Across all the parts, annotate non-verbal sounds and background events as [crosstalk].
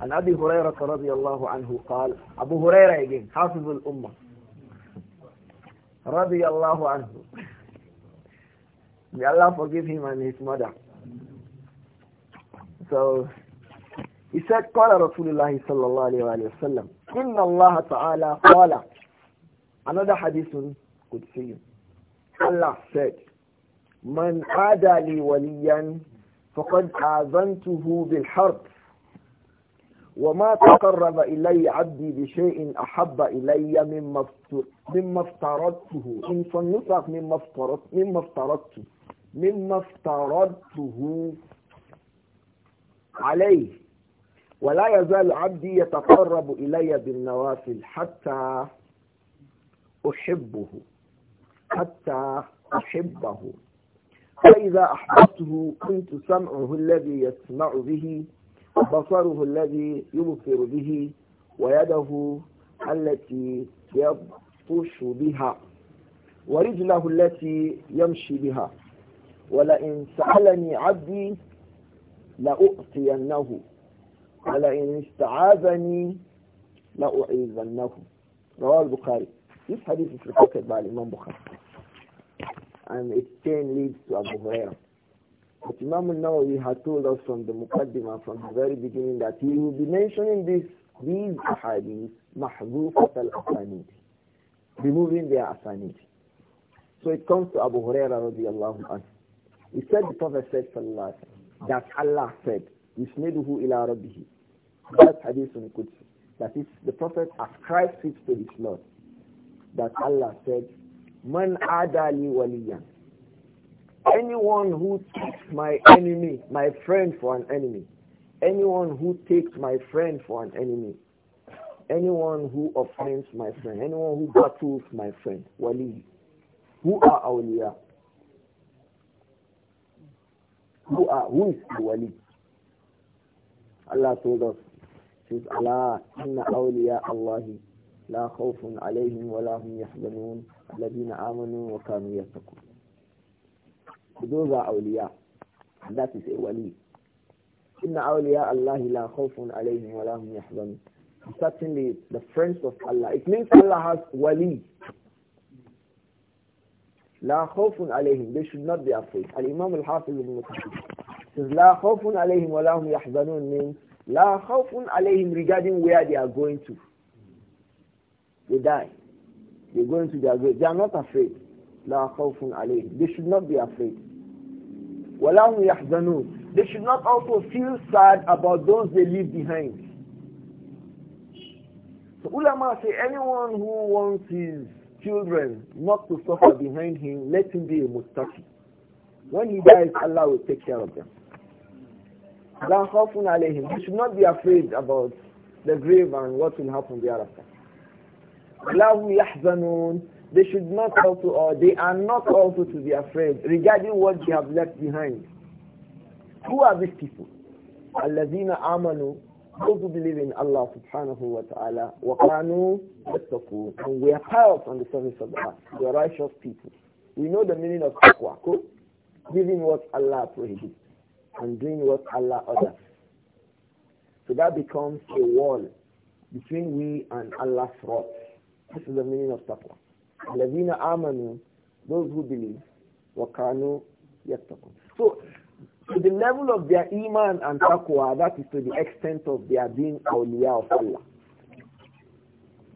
عن أبي هريرة رضي الله عنه قال أبو هريرة again حافظ الأمة رضي الله عنه May Allah forgive him and his mother. So he said قال رسول الله صلى الله عليه وآله وسلم إن الله تعالى قال another hadith could see Allah said من عادى لي وليا فقد آذنته بالحرب وما تقرب إلي عبدي بشيء أحب إلي مما مما افترضته إن فلنطلق مما افترضته مما افترضته مما افترضته عليه ولا يزال عبدي يتقرب إلي بالنوافل حتى أحبه حتى أحبه فإذا أحببته كنت سمعه الذي يسمع به بصره الذي يبصر به ويده التي يبطش بها ورجله التي يمشي بها ولئن سألني عبدي لأعطينه ولئن استعاذني لأعيذنه رواه البخاري This hadith is reported by Imam Bukhari and its 10 leads to Abu Hurairah But Imam Nawawi had told us from the Mukaddima from the very beginning that he will be mentioning this, these ahadith, mahzufat al-asanid, removing their asanid. So it comes to Abu Huraira radiallahu anhu. He said, the Prophet said, sallallahu that Allah said, Yusniduhu ila rabbihi. That hadith in Qudsi. That is, the Prophet ascribes it to his Lord. That Allah said, Man adali waliyan anyone who takes my enemy, my friend for an enemy, anyone who takes my friend for an enemy, anyone who offends my friend, anyone who battles my friend, wali, who are awliya? Who are, who is the wali? Allah told us, says Allah, inna awliya Allahi, la khawfun alayhim wa la hum yahzanun, alladhina amanu wa kanu those are awliya. And that is a wali. Inna awliya Allah la khawfun alayhim wa lahum yahzanun. Certainly the friends of Allah. It means Allah has wali. La khawfun alayhim. They should not be afraid. Al-Imam al-Hafiz ibn says La khawfun alayhim wa lahum yahzanun means La khawfun alayhim regarding where they are going to. They die. They go into their grave. They are not afraid. La khawfun alayhim. They should not be afraid. وَلَهُمْ يَحْزَنُونَ They should not also feel sad about those they leave behind. So ulama say anyone who wants his children not to suffer behind him, let him be a mustaki. When he dies, Allah will take care of them. لا خوف عليهم. You should not be afraid about the grave and what will happen thereafter. لهم يحزنون they should not also, or they are not also to be afraid regarding what they have left behind. Who are these people? الَّذِينَ آمَنُوا Those who believe in Allah subhanahu wa ta'ala وَقَانُوا يَتَّقُونَ And we are held on the service of Allah. We are righteous people. We know the meaning of taqwa. Giving what Allah prohibits and doing what Allah orders. So that becomes a wall between we and Allah's wrath. This is the meaning of taqwa. Levina amanu, those who believe, wakanu yattakun. So, to the level of their iman and taqwa, that is to the extent of their being awliya of Allah.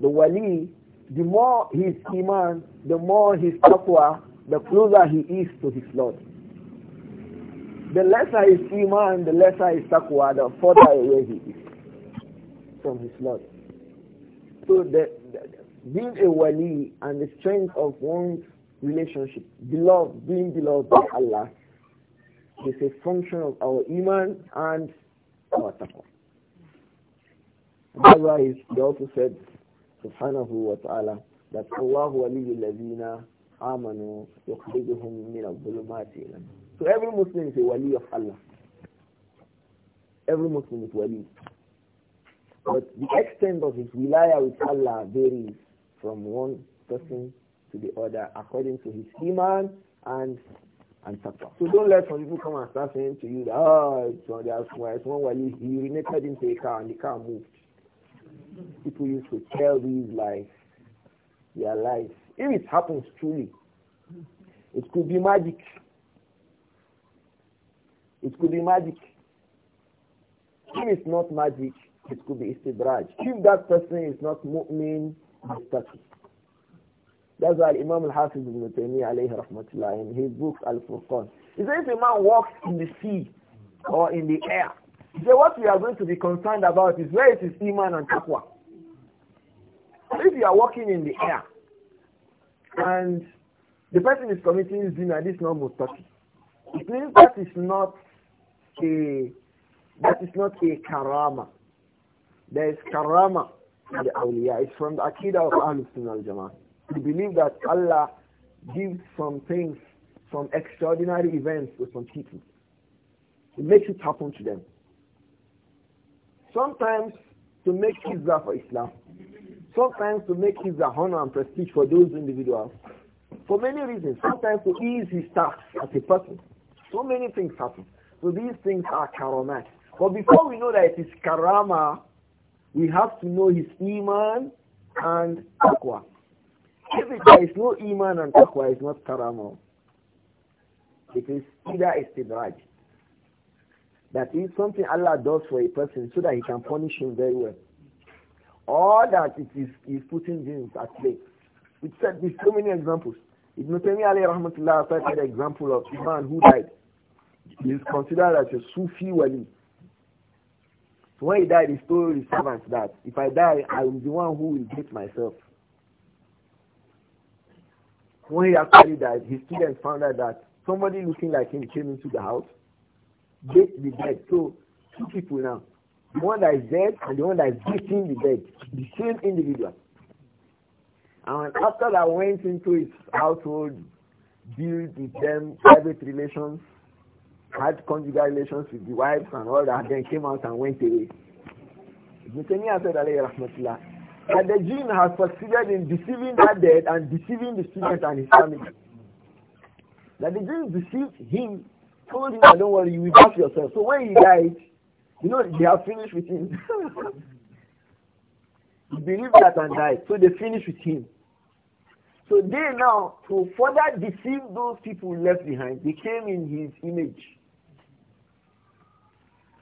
The wali, the more his iman, the more his taqwa, the closer he is to his Lord. The lesser his iman, the lesser his taqwa, the further away he is from his Lord. So the, the, being a wali and the strength of one's relationship, beloved, being beloved by Allah, is a function of our iman and our taqwa. That's why he also said, subhanahu wa ta'ala, that Allah waliyu ladina amanu yukhrijuhum min al-zulumati So every Muslim is a wali of Allah. Every Muslim is wali. But the extent of his wilaya with Allah varies from one person to the other according to his iman and and taqwa. So don't let some people come and start saying to you that oh it's one there's one it's one wali he urinated into a car and the car moved. People used to tell these lies, their lies. If it happens truly, it could be magic. It could be magic. If it's not magic, it could be istidraj. If that person is not mu'min, Mustaqi. That's why Imam al-Hafiz ibn Taymiyyah alayhi rahmatullah in his book Al-Furqan. He says if a man walks in the sea or in the air, he says what we are going to be concerned about is where is his Iman and Taqwa. If you are walking in the air and the person is committing zina, this is not mustaqi. It means that is not a that is not a karama. There is karama the awliya. It's from the akida of Ahlul Sunnah al-Jama'ah. We believe that Allah gives some things, some extraordinary events to some people. It makes it happen to them. Sometimes to make Izzah for Islam. Sometimes to make Izzah honor and prestige for those individuals. For many reasons. Sometimes to ease his task as a person. So many things happen. So these things are karamat. But before we know that it is karama, we have to know his iman and taqwa. If there is no iman and taqwa, it's not karama. It is either istidraj. That is something Allah does for a person so that he can punish him very well. Or that it is is putting things at play. We said there's so many examples. Ibn Taymiyyah alayhi rahmatullah said the example of a man who died. He is considered as a Sufi wali. So when he died, he told his servants that if I die, I will be the one who will get myself. When he actually died, his students found out that somebody looking like him came into the house, beat the dead. So two people now, the one that is dead and the one that is beating the dead, the same individual. And after that, went into his household, built with them private relations, had conjugal relations with the wives and all that, then came out and went away. Ibn said, rahmatullah, that the jinn has succeeded in deceiving that dead and deceiving the student and his family. That the jinn deceived him, told him, don't worry, you will back yourself. So when he died, you know, they have finished with him. [laughs] he believed that and died. So they finished with him. So they now, to further deceive those people left behind, they came in his image.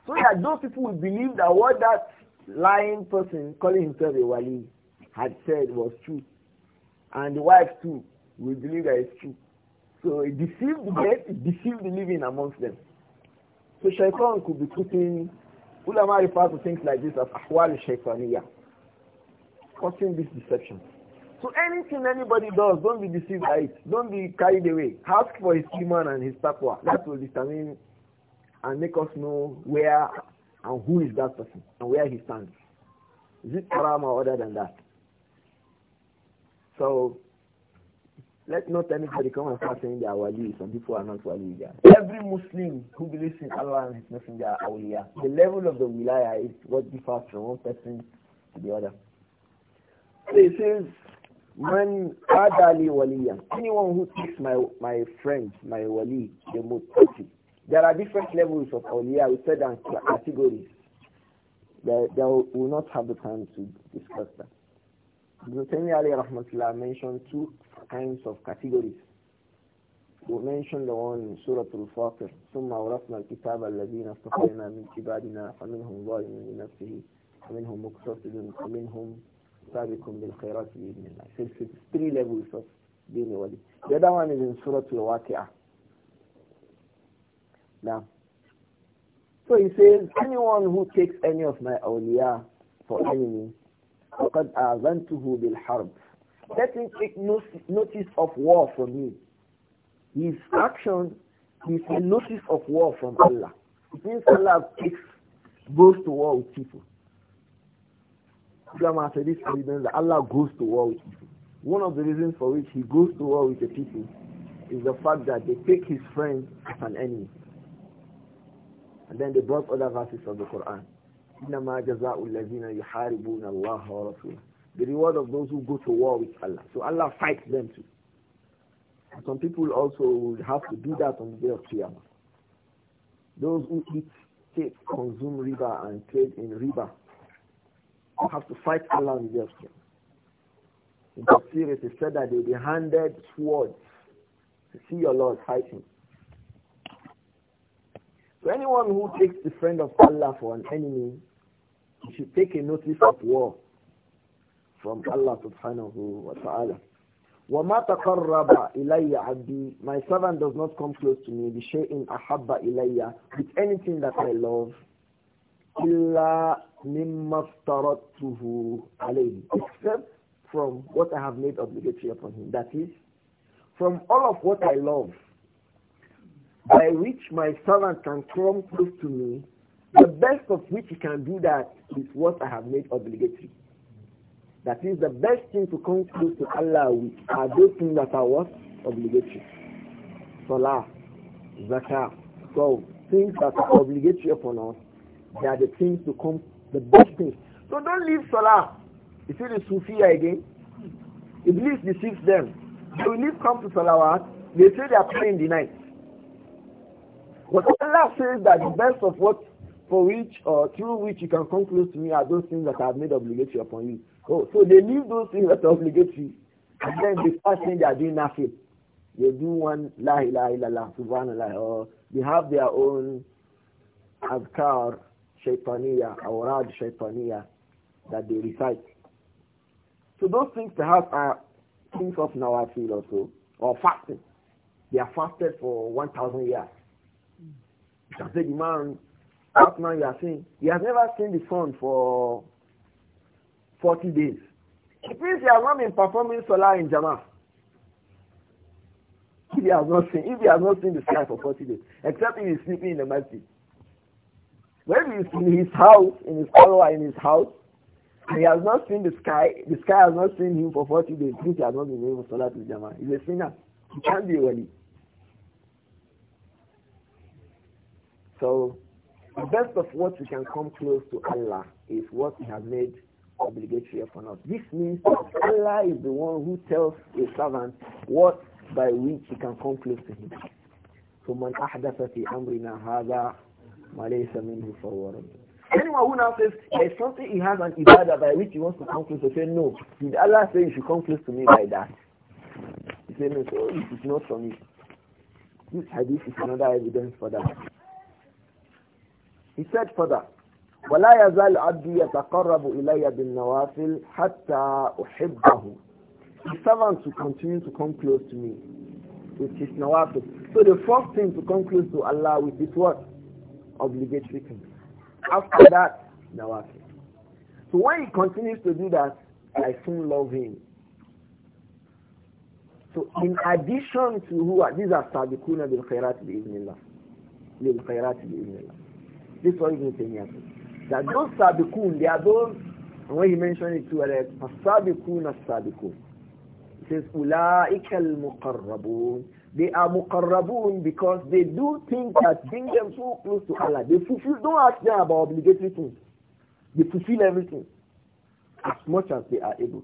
So that those people will believe that what that lying person calling himself a wali had said was true. And the wife too will believe that it's true. So it deceived the dead, it deceived the living amongst them. So shaitan could be putting, ulama refer to things like this as ahwal shaitaniyah, causing this deception. So anything anybody does, don't be deceived by it. Don't be carried away. Ask for his iman and his taqwa. That will determine and make us know where and who is that person and where he stands. Is it haram or other than that? So let not anybody come and start saying they are wali, some people are not wali. Every Muslim who believes in Allah and His Messenger are awliya. The level of the wilaya is what differs from one person to the other. So it says, Man adali waliya." Anyone who takes my my friend, my wali, the mutati, there are different levels of oliya. we said, categories. There, there will not have the time to discuss that. Ibn Ali Rahmatullah mentioned two kinds of categories. We mentioned the one in Surah Al-Fatir, ثُمَّ أَوْرَثْنَا الْكِتَابَ الَّذِينَ اصْطَفَيْنَا مِنْ عِبَادِنَا فَمِنْهُمْ ظَالِمٌ لِنَفْسِهِ وَمِنْهُمْ مُقْتَصِدٌ وَمِنْهُمْ سَابِقٌ بِالْخَيْرَاتِ بِإِذْنِ اللَّهِ So it's three levels of being a wali. The other one is in Surah Al-Waqi'ah. Now, so he says, anyone who takes any of my awliya for enemy, فَقَدْ أَذَنْتُهُ بِالْحَرْبِ Let him take notice of war from me. His action is a notice of war from Allah. It means Allah takes, goes to war with people. Islam this reason that Allah goes to war with people. One of the reasons for which he goes to war with the people is the fact that they take his friend as an enemy. And then they brought other verses of the Quran. إنما جزاء الذين Allah wa ورسوله the reward of those who go to war with Allah. So Allah fights them too. And some people also will have to do that on the day of Qiyamah. Those who eat, take, consume riba and trade in riba have to fight Allah on the day of Qiyamah. In the series, it said that they will be handed swords to see your Lord fighting. So anyone who takes the friend of Allah for an enemy, he should take a notice of war from Allah subhanahu wa ta'ala. وَمَا تَقَرَّبَ إِلَيَّ My servant does not come close to me, بِشَيْءٍ أَحَبَّ إِلَيَّ With anything that I love, إِلَّا مِمَّا tuhu عَلَيْهِ Except from what I have made obligatory upon him. That is, from all of what I love, by which my servant can come close to me, the best of which he can do that is what I have made obligatory. That is the best thing to come close to Allah with are those things that are what? Obligatory. Salah, Zakah, so things that are obligatory upon us, they are the things to come, the best things. So don't leave Salah. You see the Sufiya again? Iblis deceives them. They will leave come to Salawat, they say they are praying the night. But Allah says that the best of what for which or through which you can come close to me are those things that I have made obligatory upon you. so they leave those things that are obligatory and then the first thing they are doing nothing. They do one la ilaha illallah subhanallah or they have their own azkar, shaytaniya awrad shaytaniya that they recite. So those things perhaps are things of Nawafil also or fasting. They are fasted for 1,000 years say the man, what man you are saying? He has never seen the sun for 40 days. It means he has not been performing solar in Jama. If he has not seen, if he has not seen the sky for 40 days, except if he is sleeping in the mosque, When he is in his house, in his or in his house, and he has not seen the sky, the sky has not seen him for 40 days, since he has not been able to solar to Jama. is a sinner. He can't be a wali. So the best of what we can come close to Allah is what He has made obligatory upon us. This means Allah is the one who tells a servant what by which he can come close to Him. So man amrina minhu Anyone who now says there's something he has an ibadah by which he wants to come close to say no. Did Allah say you should come close to me by that? He said no, so it is not for me. This hadith is another evidence for that. He said further, وَلَا يَزَالْ عَبْدِي يَتَقَرَّبُ إِلَيَّ بِالنَّوَافِلِ حَتَّى أُحِبَّهُ The servant to continue to come close to me with his nawafil. So the first thing to come close to Allah with is what? Obligatory things. After that, nawafil. So when he continues to do that, I soon love him. So in addition to who are, these are Sadiquna bil khairat bi idnillah. Bil khairat bi idnillah. This one Ibn Taymiyyah said. That those sabikun, they are those, and when he mentioned it to that as-sabikun as-sabikun. He says, أُولَٰئِكَ muqarrabun." They are muqarrabun because they do things that bring them so close to Allah. They fulfill, don't ask them about obligatory things. They fulfill everything as much as they are able.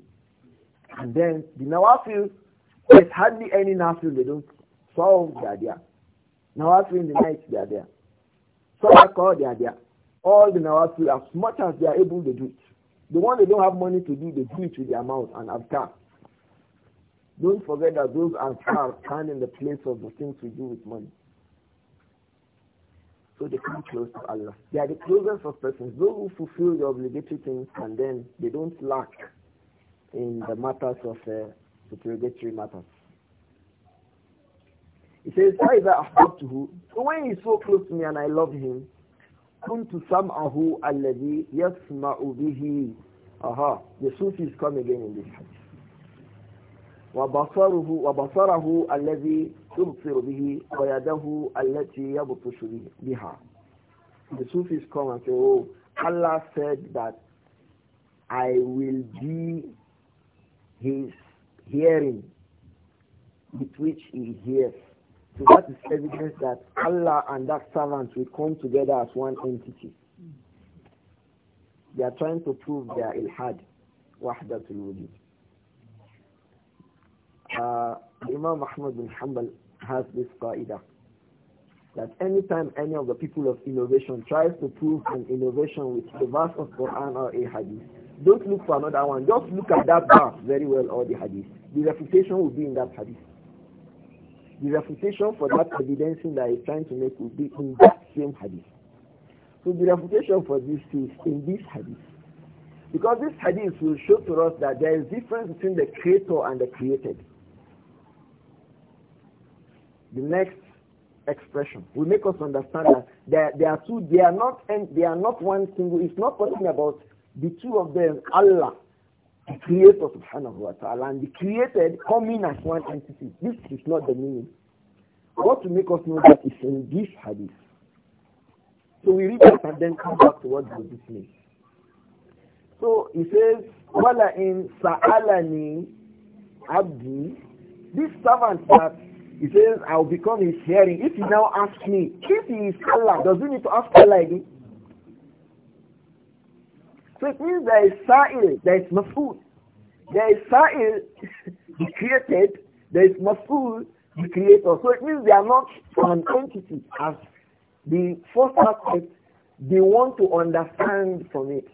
And then the nawafil, there's hardly any nafil they don't solve, they are there. Nawafil in the night, they are there. Sadaqah, they are there. All the Nawafil, as much as they are able, they do it. The one they don't have money to do, they do it with their mouth and Azkar. Don't forget that those are stand in the place of the things we do with money. So they come close to Allah. They are the closest of persons. Those who fulfill the obligatory things and then they don't lack in the matters of uh, the obligatory matters. He says, to أَحْبَبْتُهُ So when he's so close to me and I love him, كُنْتُ سَمْعَهُ الَّذِي يَسْمَعُ بِهِ Aha, the Sufis come again in this hadith. وَبَصَرُهُ وَبَصَرَهُ الَّذِي يُبْصِرُ بِهِ وَيَدَهُ الَّتِي يَبْطُشُ بِهَا The Sufis come and say, oh, Allah said that I will be his hearing with which he hears so that is evidence that Allah and that servant will come together as one entity. They are trying to prove their ilhad, wahdatul wujud. Uh, Imam Ahmad bin Hanbal has this qaida that anytime any of the people of innovation tries to prove an innovation with the verse of Quran or a hadith, don't look for another one. Just look at that verse very well or the hadith. The refutation will be in that hadith. The refutation for that evidencing that he's trying to make will be in that same hadith. So the refutation for this is in this hadith. Because this hadith will show to us that there is difference between the creator and the created. The next expression will make us understand that there, there are two, they are not and they are not one single, it's not talking about the two of them, Allah the Creator subhanahu wa ta'ala and the created coming as one entity. This is not the meaning. What to make us know that is in this hadith. So we read that and then come back to what does this mean. So he says, Wala in Sa'alani Abdi, this servant that he says, I'll become his hearing. If he now asks me, if he is Allah, does he need to ask Allah again? So it means there is sa'il, there is maf'ul. There is sa'il, the [laughs] created, there is maf'ul, the creator. So it means they are not an entity as the first aspect they want to understand from it.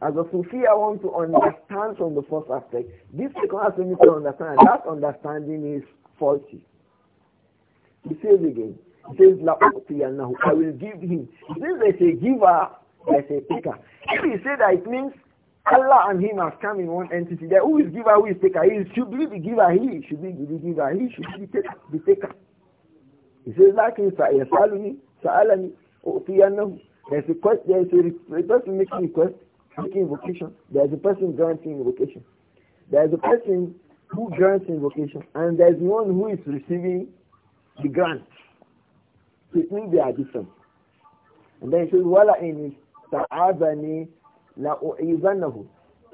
As a Sufi, I want to understand from the first aspect. This second aspect to understand, that understanding is faulty. He says again, he says, I will give him. He says there's a giver as a taker. If we say that it means Allah and him have come in one entity, then who is giver, who is taker? He should be the giver, he should be the giver, he should be the taker. The taker. He says, لكن سألني سألني أعطينه There's a question. there's a, person making request, making invocation. There's a person granting invocation. There's a person who grants invocation, and there's one who is receiving the grant. So it means they are different. And then he says, Wala in ta'azani la'u'izannahu.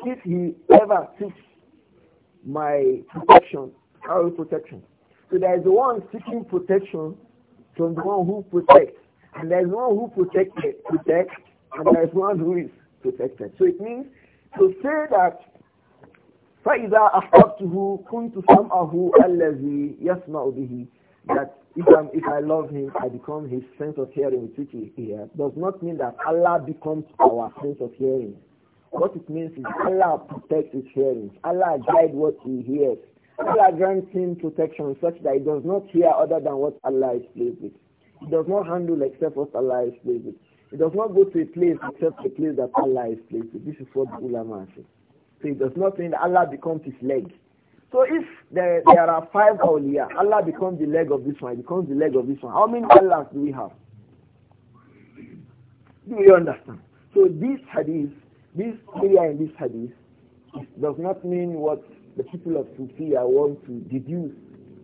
If he ever seeks my protection, our protection. So there is one seeking protection from the one who protects. And there is one who protected, protects, and there is one who is protected. So it means to say that فَإِذَا أَحْبَبْتُهُ كُنْتُ سَمْعَهُ الَّذِي يَسْمَعُ بِهِ that if, I'm, if I love him, I become his sense of hearing with which he hears, does not mean that Allah becomes our sense of hearing. What it means is Allah protects his hearing. Allah guides what he hears. Allah grants him protection such that he does not hear other than what Allah is pleased with. He does not handle except what Allah is pleased with. He does not go to a place except the place that Allah is pleased with. This is what the ulama says. So it does not mean that Allah becomes his leg. So if there, there are five awliya, Allah becomes the leg of this one, becomes the leg of this one. How many Allahs do we have? Do you understand? So this hadith, this area in this hadith, does not mean what the people of Sufiya want to deduce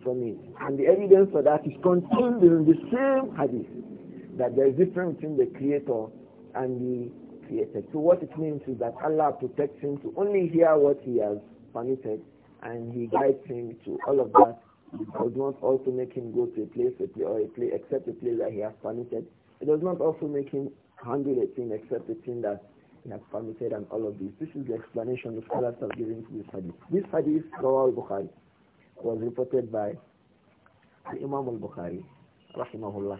from it. And the evidence for that is contained in the same hadith, that there is difference between the creator and the created. So what it means is that Allah protects him to only hear what he has permitted and he guides him to all of that. He does not also make him go to a place a play, or a place except a place that he has permitted. It does not also make him handle a thing except a thing that he has permitted and all of this. This is the explanation the scholars have given to this hadith. This hadith, Rawal Bukhari, was reported by Imam al-Bukhari, rahimahullah.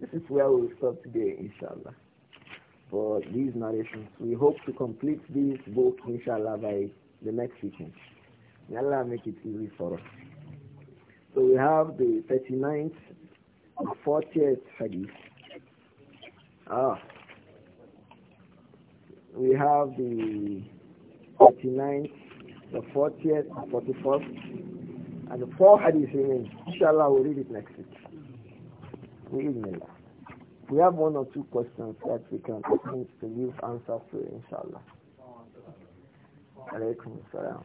This is where we will stop today, inshallah, for these narrations. We hope to complete this book, inshallah, by the next weekend. Inshallah, make it easy for us. So we have the 39th and 40th hadith. Ah. We have the 39th, the 40th, 41st, and the four hadiths remain. Inshallah, we'll read it next week. Inshallah. We have one or two questions that we can attempt to give answers to, inshallah. Alaykum salam.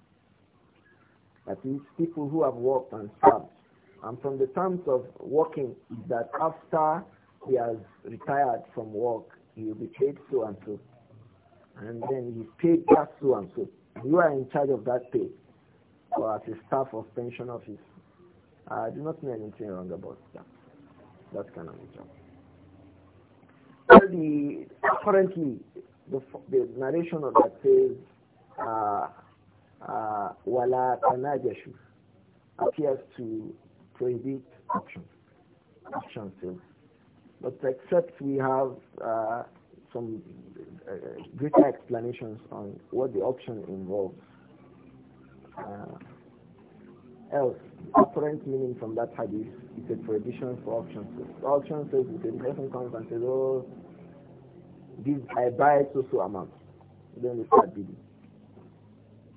That is, people who have worked and served. And from the terms of working is that after he has retired from work, he will be paid so and so. And then he's paid just so and so. You are in charge of that pay or as a staff of pension office. I do not know anything wrong about that. That kind of a job. The, currently, the, the narration of that says, uh, uh, wala tanajashu appears to prohibit options. Options, but except we have uh, some uh, greater explanations on what the option involves. Uh, else, apparent meaning from that hadith is a prohibition for options. Option sales if a person comes and says, oh, this, I buy so so amount, then they start bidding.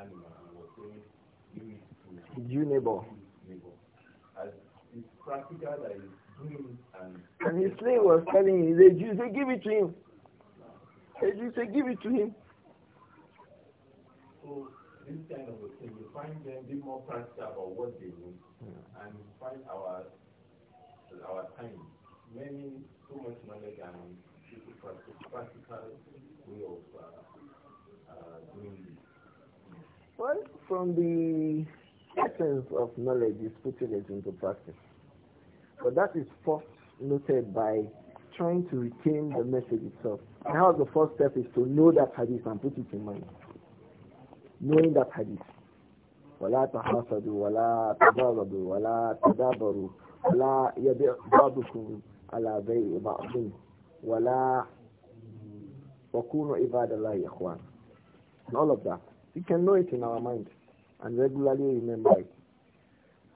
animal and was saying, give it to you neighbor. neighbor. As it's practical that is doing and... And his slave was telling him, the Jews, say give it to him. The Jews, they give it to him. So this kind of a thing, you find them be more practical about what they need yeah. and find our our time. Many too much money and people practical way of uh, uh, doing well, from the essence of knowledge is putting it into practice. But that is first noted by trying to retain the message itself. And how the first step is to know that hadith and put it in mind. Knowing that hadith. ولا تحاسدوا ولا تباغضوا ولا تدابروا ولا يبيع بعضكم على بيع بعض ولا وكونوا عباد الله اخوان and all of that we can know it in our mind and regularly remember it.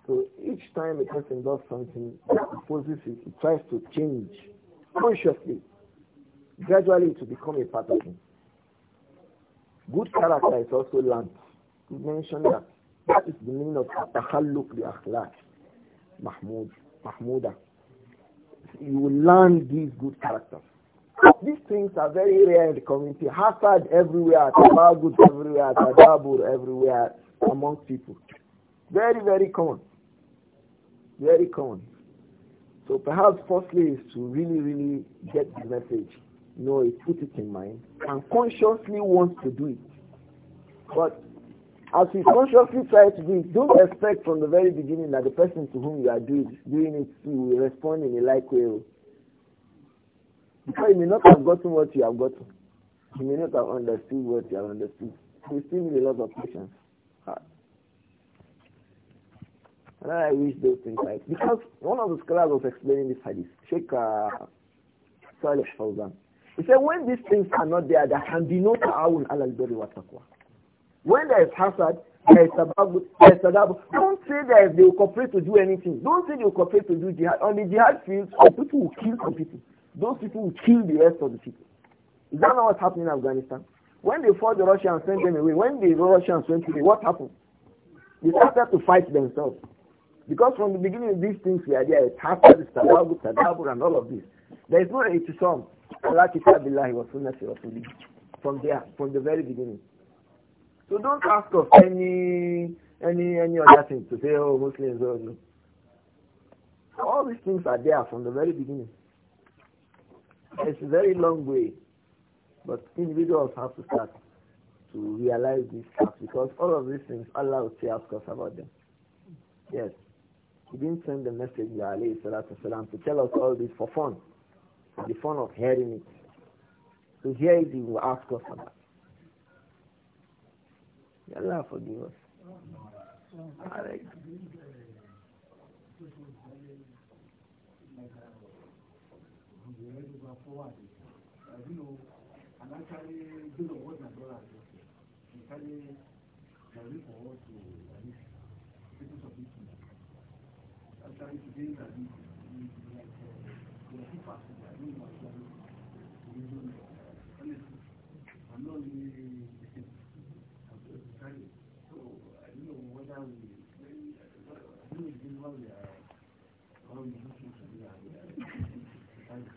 So each time a person does something opposes it, tries to change consciously. Gradually to become a part of him. Good character is also learned. We mentioned that. That is the meaning of Tahalluq bi akhlaq. Mahmoud, Mahmouda. You will learn these good characters. These things are very rare in the community. Hasad everywhere, tabagud everywhere, tadabur everywhere among people. Very, very common. Very common. So perhaps firstly is to really, really get the message. You know it, put it in mind, and consciously want to do it. But as you consciously try to do it, don't expect from the very beginning that the person to whom you are doing, doing it will respond in a like way. Because you may not have gotten what you have gotten. You may not have understood what you have understood. You still need a lot of patience. Ah. And I wish those things like Because one of the scholars was explaining this hadith, Sheikh uh, Salih Fawzan. He said, when these things are not there, there can be no ta'awun ala al-birri wa taqwa. When there is hazard, there is sababu, there is sadabu. Don't say that they will cooperate to do anything. Don't say they will cooperate to do jihad. On the jihad field, some people will kill some people those people will kill the rest of the people. Is that not what's happening in Afghanistan? When they fought the Russians, sent them away. When the Russians went them, what happened? They started to fight themselves. Because from the beginning, these things were there. Tafsir, Tadabur, Tadabur, and all of this. There is no Itisam. Allah Kitabillah was From there, from the very beginning. So don't ask us any any any other thing to say, oh, Muslims, oh, no. All these things are there from the very beginning. It's a very long way, but individuals have to start to realize these facts because all of these things Allah will say ask us about them. Yes. He didn't send the message والسلام, to tell us all this for fun, for the fun of hearing it. To so hear it, he will ask us about it. Allah forgive us. All right. wa'azi yanzu a nan ka ne dole wannan dole a sosai in ka ne da rikon wasu a rikon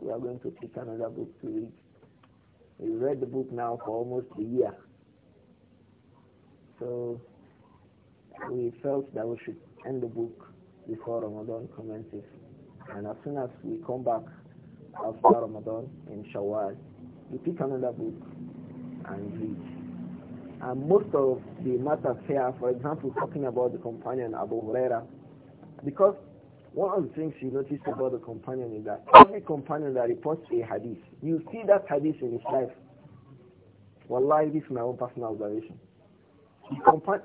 we are going to pick another book to read. We read the book now for almost a year. So we felt that we should end the book before Ramadan commences. And as soon as we come back after Ramadan in Shawwal, we pick another book and read. And most of the matters here, for example, talking about the companion Abu Huraira, because one of the things you notice about the companion is that every companion that reports a hadith, you see that hadith in his life. Wallahi, this is my own personal observation.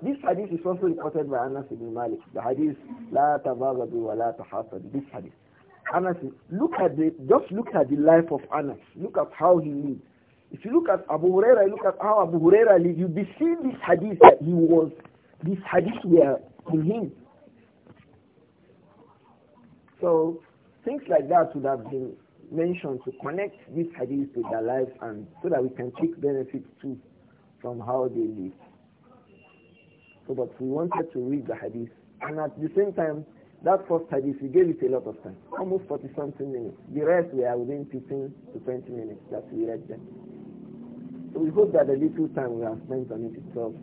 This hadith is also reported by Anas ibn Malik. The hadith, لا تباغضوا ولا تحاسدوا. This hadith. Anas, look at the, just look at the life of Anas. Look at how he lived. If you look at Abu Huraira, look at how Abu Huraira lived, you see this hadith that he was, this hadith were in him. So things like that would have been mentioned to connect this hadith with their life, and so that we can take benefits too from how they live. So but we wanted to read the hadith and at the same time that first hadith we gave it a lot of time, almost forty something minutes. The rest were within fifteen to twenty minutes that we read them. So we hope that the little time we have spent on it itself,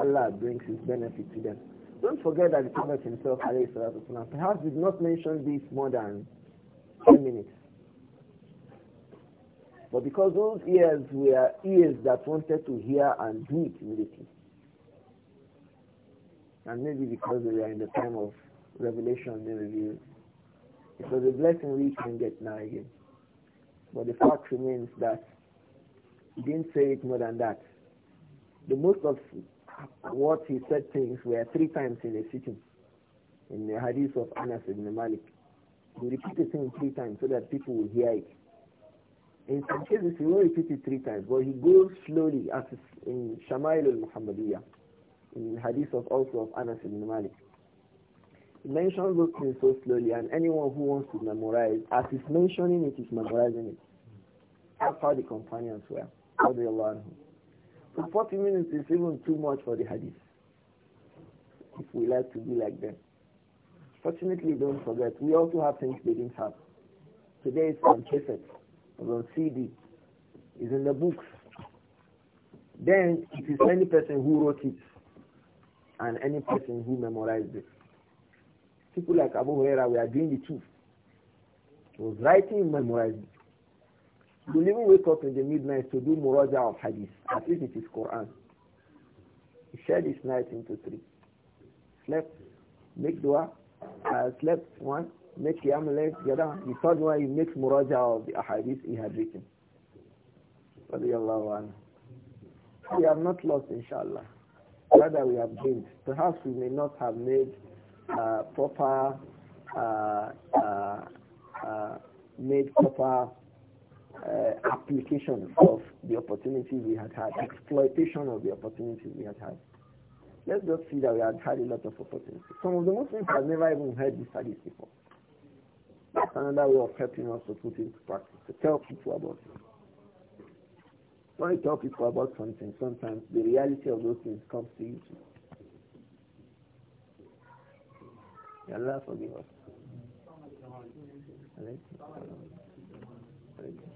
Allah brings his benefit to them. Don't forget that the Prophet himself, والسلام, perhaps did not mention this more than 10 minutes. But because those ears were ears that wanted to hear and do it immediately. And maybe because we are in the time of revelation, review, it was a blessing we can get now again. But the fact remains that he didn't say it more than that. The most of what he said things were three times in a sitting. In the hadith of Anas ibn Malik. He repeated things three times so that people will hear it. In some cases, he will repeat it three times, but he goes slowly, as in Shamail al-Muhammadiyah, in hadith of also of Anas ibn Malik. He mentions those things so slowly, and anyone who wants to memorize, as he's mentioning it, is memorizing it. That's how the companions were. So 40 minutes is even too much for the hadith. If we like to be like them. Fortunately, don't forget, we also have things they didn't have. Today it's on cassette, it's on CD, it's in the books. Then it is any person who wrote it and any person who memorized it. People like Abu Huraira were doing the truth. He was writing, memorizing. You'll even wake up in the midnight to do muraja of hadith, At least it is Quran. He shared his night into three. Slept, make dua, uh, slept one, make yamulet, the other one. The third one, he makes muraja of the hadith he had written. We have not lost, inshallah. Rather, we have gained. Perhaps we may not have made uh, proper, uh, uh, uh made proper uh, application of the opportunities we had had, exploitation of the opportunities we had had. Let's just see that we had had a lot of opportunities. Some of the Muslims have never even heard this hadith before. That's another way of helping us to put into practice, to tell people about it. When you tell people about something, sometimes the reality of those things comes to you too. Allah forgive us. Thank you.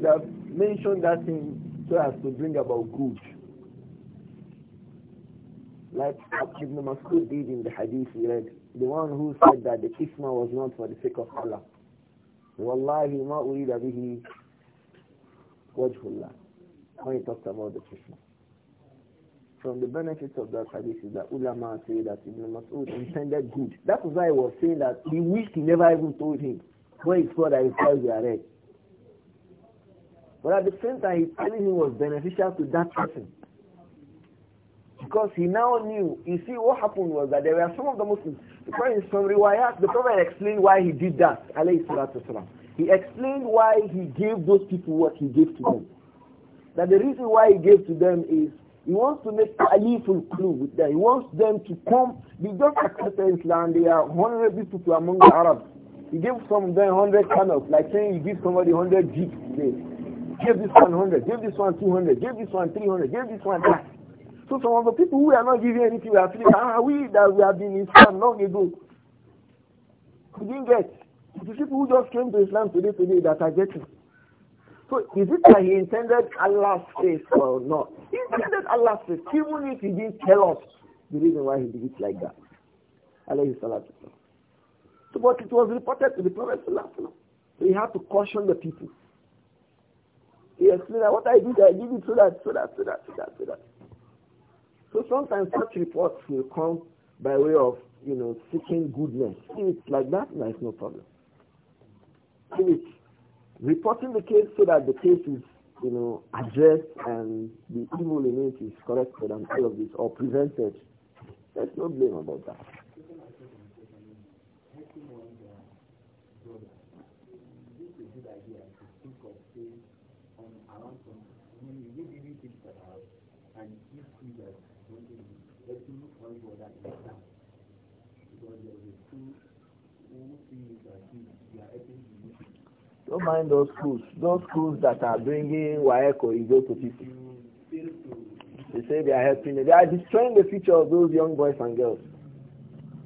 could have mentioned that thing so as to bring about good. Like Ibn Masud did in the hadith He read, the one who said that the kisma was not for the sake of Allah. Wallahi ma urida bihi wajhullah. When he talked about the kisma. From the benefits of that hadith is that ulama say that Ibn Masud intended good. That was why I was saying that he wished he never even told him. When he father that his wife were read. But at the same time, his telling him was beneficial to that person. Because he now knew, you see what happened was that there were some of the Muslims, because in some riwayat, the Prophet explained why he did that, alayhi salatu wasalam. He explained why he gave those people what he gave to them. That the reason why he gave to them is he wants to make ta'aliful clue with them. He wants them to come. They just accepted Islam. They are 100 people among the Arabs. He gave some of them 100 camels, like saying you give somebody 100 jeeps today give this one 100, give this one 200, give this one 300, give this one that. So some of the people who are not giving anything, we are feeling, ah, we that we have been in Islam long ago. We didn't get. The people who just came to Islam today, today, that are getting. So is it that he intended Allah's face or not? He intended Allah's face, even if he didn't tell us the reason why he did it like that. Alayhi salatu So but it was reported to the Prophet So he had to caution the people. He explained that what I did, I did it so that, so that, so that, so that, so that. So sometimes such reports will come by way of, you know, seeking goodness. If it's like that, it's no problem. If it's reporting the case so that the case is, you know, addressed and the evil in it is corrected and all of this, or prevented, there's no blame about that. Don't mind those schools, those schools that are bringing Waeko Igbo to people. They say they are helping They are destroying the future of those young boys and girls.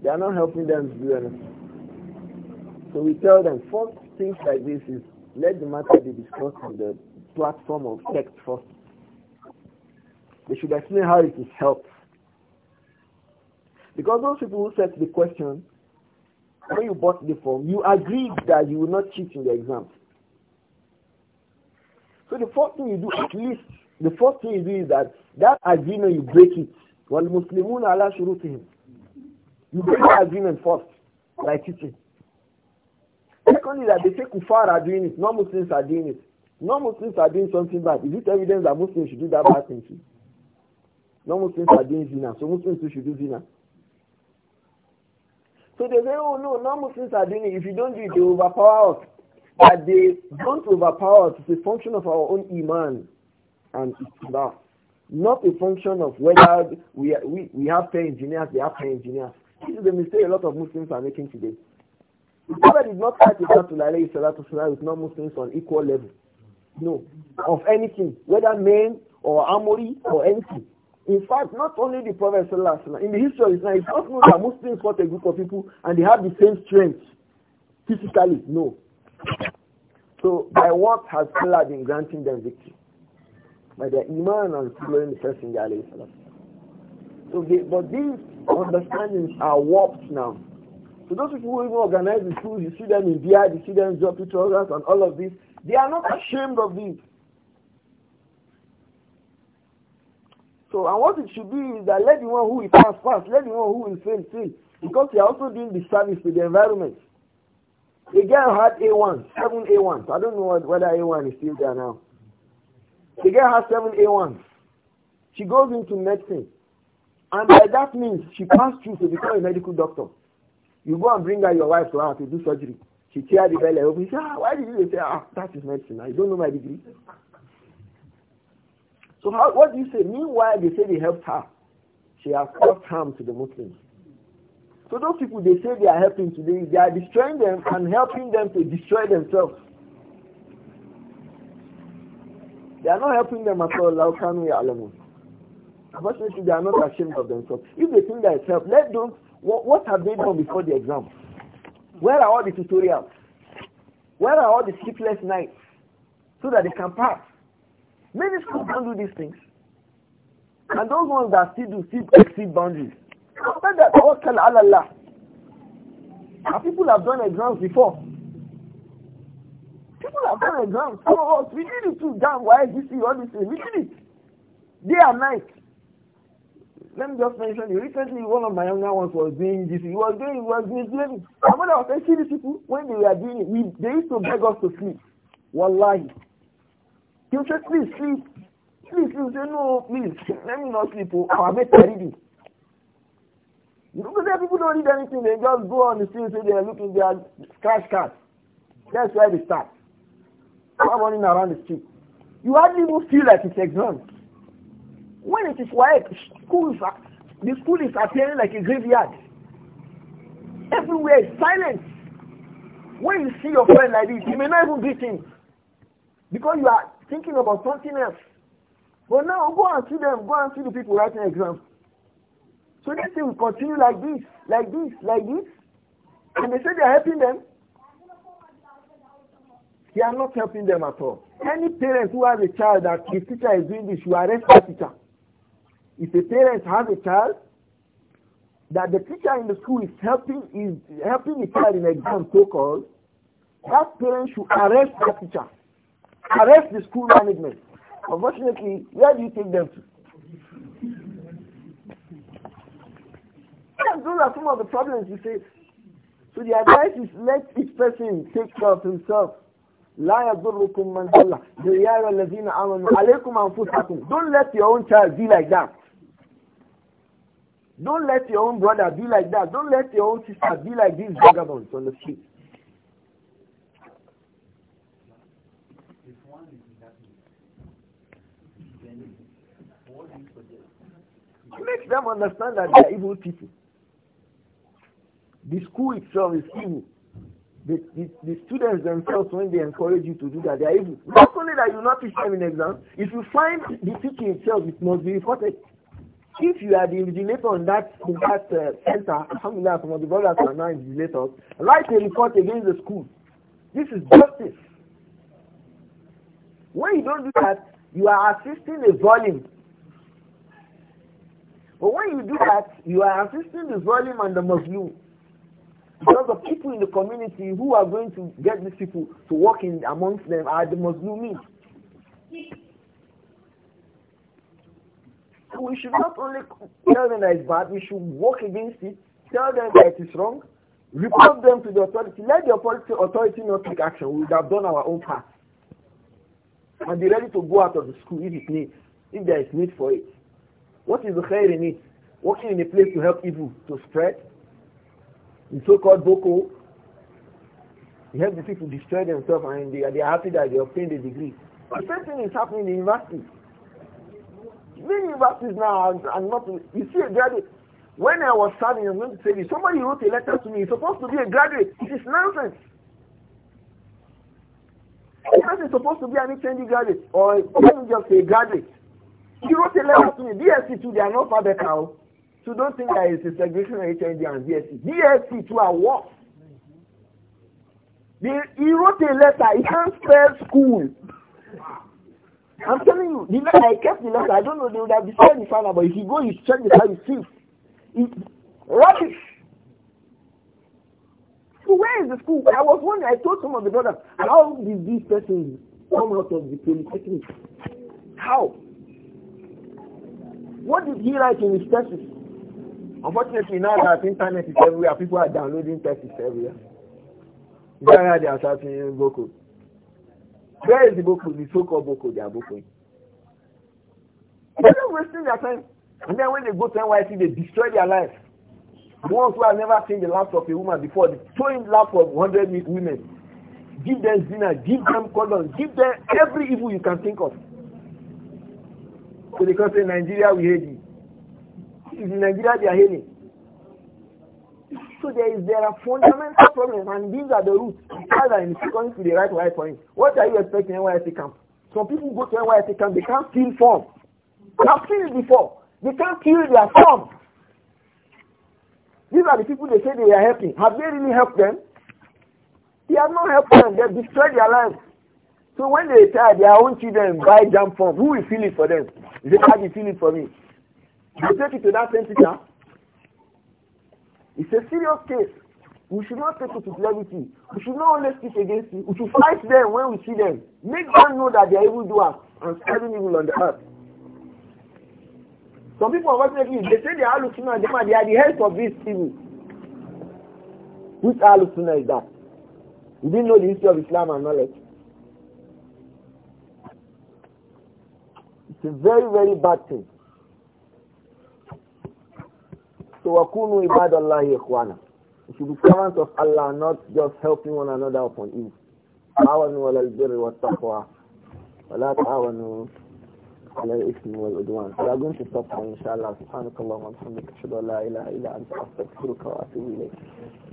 They are not helping them to do anything. So we tell them, first things like this is let the matter be discussed on the platform of text first they should explain how it is helped. Because those people who set the question, when you bought the form, you agreed that you will not cheat in the exam. So the first thing you do, at least, the first thing you do is that that agreement, you break it. While Muslimun Allah should him, You break the agreement first by cheating. Secondly, that they say kufar are doing it, non-Muslims are doing it. Non-Muslims are doing something bad. Is it evidence that Muslims should do that bad thing too? No muslims are doing zina, so Muslims should do zina. So they say, oh no, no muslims are doing it. If you don't do it, they overpower us. But they don't overpower us It's a function of our own iman and ikhtilaf. Not a function of whether we, are, we, we have fair engineers, they have fair engineers. This is the mistake a lot of Muslims are making today. The Prophet did not fight Rasulullah with non-Muslims on equal level. No. Of anything, whether men or Amori or anything. In fact, not only the Prophet Sallallahu in the history of Islam, it's not known that Muslims fought a group of people and they have the same strength physically. No. So by what has Allah been granting them victory? By their iman and following the first alayhi salam. So they, but these understandings are warped now. So those people who even organize the schools, you see them in beer, you see them in job trousers and all of this, they are not ashamed of this. So, and what it should be is that let the one who will pass, pass. Let the one who will fail, fail. Because they are also doing disservice to the environment. The girl had A1, seven A1s. I don't know what, whether A1 is still there now. The girl has seven A1s. She goes into medicine. And by that means, she passed through to become a medical doctor. You go and bring her your wife to her to do surgery. She tear the belly open. She say, ah, why did you say, ah, that is medicine. I don't know my degree. So how, what do you say? Meanwhile, they say they helped her. She has caused harm to the Muslims. So those people, they say they are helping today. They are destroying them and helping them to destroy themselves. They are not helping them at all. How can we Unfortunately, they are not ashamed of themselves. If they think that it's help, let them. What, what have they done before the exam? Where are all the tutorials? Where are all the sleepless nights? So that they can pass. Many schools don't do these things. And those ones that still do still exceed boundaries. After that, tawakkal ala Allah. And people have done exams before. People have done exams. Some of oh, us, we did it too. Damn, why is this all this We did it. Day and night. Let me just mention you. Recently, one of my younger ones was doing this. He was doing, he was And when I was saying, see these people, when they were doing it, we, they used to beg us to sleep. Wallahi. He will say, please sleep. Please, you say, no, please, [laughs] let me not sleep. Oh, I am bet I read it. Because people don't read anything, they just go on the street say they are looking, they are scratch cats. That's where they start. Start running around the street. You hardly even feel like it's exams. When it is quiet, schools are, the school is appearing like a graveyard. Everywhere is silence. When you see your friend like this, you may not even greet him. Because you are thinking about something else. But now go and see them, go and see the people writing exams. So this thing will continue like this, like this, like this. And they say they are helping them. They are not helping them at all. Any parent who has a child that his teacher is doing this, you arrest that teacher. If a parent has a child that the teacher in the school is helping is helping the child in exam so called, that parent should arrest that teacher. Arrest the school management. Unfortunately, where do you take them to? Those are some of the problems you face. So the advice is let each person take care of himself. لا يضركم من ضل يا أيها الذين آمنوا عليكم أنفسكم Don't let your own child be like that. Don't let your own brother be like that. Don't let your own sister be like these vagabonds on the street. It makes them understand that they are evil people. The school itself is evil. The, the, the, students themselves, when they encourage you to do that, they are evil. Not only that you not teach them in exam, if you find the teaching itself, it must be reported. If you are the originator on that in that uh, center, alhamdulillah, some of the brothers are now invigilators, write a report against the school. This is justice. When you don't do that, you are assisting a volume but when you do that, you are assisting the Zalim and the Muslim. Because the people in the community who are going to get these people to work in amongst them are the Muslims. So we should not only tell them that it's bad, we should work against it, tell them that it is wrong, report them to the authority, let the authority, authority not take action. We have done our own part. And be ready to go out of the school if it needs, if there is need for it. What is the khair in it? Working in a place to help evil to spread. The so-called Boko, he help the people destroy themselves and they, are happy that they obtained a degree. The same thing is happening in universities. Many universities now are, not, you see a graduate, when I was studying, I'm going to say this, somebody wrote a letter to me, he's supposed to be a graduate. It is nonsense. He's supposed to be an HND graduate, or let me just say graduate. He wrote a letter to me. DSC two, they are not far better. Oh. So don't think that it's a segregation of HND and DSC. DSC two are what? he wrote a letter. He can't spell school. I'm telling you, the letter, I kept the letter. I don't know, they would have decided the final, but if you go, you check the letter, you see. It's rubbish. So where is the school? I was wondering, I told some of the brothers, how did these person come out of the polytechnic? How? What did he write in his thesis? Unfortunately, now that internet is everywhere, people are downloading thesis everywhere. Yeah, why they are searching Boko? Where is the Boko? The so-called Boko, they are Boko. They're not wasting their time. And then when they go to NYC, they destroy their life. The ones who have never seen the laps of a woman before, they throw in of 100 women. Give them dinner, give them condoms, give them every evil you can think of. So they can say Nigeria we hate you. In Nigeria they are hating. So there is there are fundamental problems and these are the roots. Because i going to the right right point. What are you expecting in NYSC camp? Some people go to NYSC camp, they can't fill form. I've seen it before. They can't fill their form. These are the people they say they are helping. Have they really helped them? They have not helped them. They've destroyed their lives. So when they retire, their own children buy them from, who will feel it for them? They can't feel it for me. They take it to that same teacher. It's a serious case. We should not take it to levity. We should not only speak against it. We should fight them when we see them. Make them know that they are doers and spreading evil on the earth. Some people, unfortunately, they say they are Alusuna and they are the heads of these people. Which Alusuna is that? You didn't know the history of Islam and knowledge. It's a very, very bad thing. So wakunu ibadallahi ikhwana. We should be servants of Allah, not just helping one another upon evil. تعاونوا على البر والتقوى ولا تعاونوا على الإثم والعدوان. So We are going to stop now, inshallah. سبحانك اللهم وبحمدك أشهد أن لا إله إلا أنت أستغفرك وأتوب إليك.